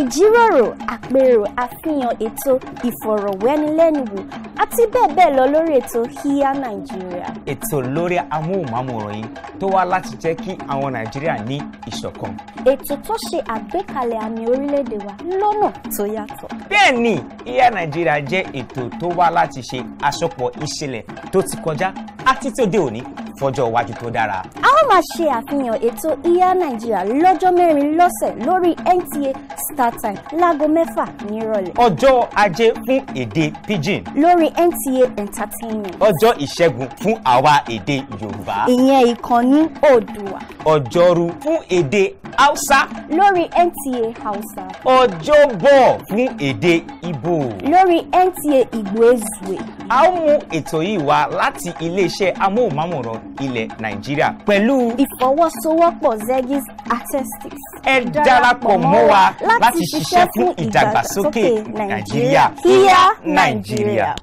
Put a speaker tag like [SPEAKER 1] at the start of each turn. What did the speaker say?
[SPEAKER 1] ìjíròrò àpérò àfihàn ètò ìfọ̀rọ̀wẹ́nilẹ́nuwò àti bẹ́ẹ̀ bẹ́ẹ̀ lọ lórí ètò Hiya Nigeria.
[SPEAKER 2] ètò lórí amóhùnmáwòrán yìí tó wá láti jẹ́ kí àwọn Nàìjíríà ní ìṣọ̀kan.
[SPEAKER 1] ètò tó ṣe àgbékalẹ̀ àmì orílẹ̀-èdè wa lọ́nà tó yàtọ̀.
[SPEAKER 2] bẹ́ẹ̀ ni Hiya Nigeria jẹ́ ètò tó wá láti ṣe àsopọ̀ ìṣẹ̀lẹ̀ tó ti kọjá àti tòde òní fọ́jọ́ iwájú tó dára.
[SPEAKER 1] a ó máa ṣe àfihàn ètò Iya Nàìjíríà lọ́jọ́ mẹ́rin lọ́sẹ̀ lórí NTA StarTime láago mẹ́fà nírọ̀lẹ́.
[SPEAKER 2] ọjọ́ ajé fún èdè pidgin.
[SPEAKER 1] lórí NTA Entertainment.
[SPEAKER 2] ọjọ́ ìṣẹ́gun fún àwa èdè Yorùbá.
[SPEAKER 1] ìyẹn ìkànnì Oòduà.
[SPEAKER 2] ọjọ́rú fún èdè
[SPEAKER 1] hausa. lórí NTA hausa.
[SPEAKER 2] ọjọ́bọ̀ ní èdè Ìgbò. lórí NTA
[SPEAKER 1] Igboezue. a ó mú
[SPEAKER 2] ètò yìí wá láti iléeṣẹ́ amóhùnmáwòrán ilẹ̀ nàìjíríà pẹ̀lú. ìfọwọ́sowọ́pọ̀
[SPEAKER 1] Zegis Artistics. ẹ darapọ̀ mọ́ wa láti ṣiṣẹ́ fún ìdàgbàsókè nàìjíríà. kíyá nàìjíríà.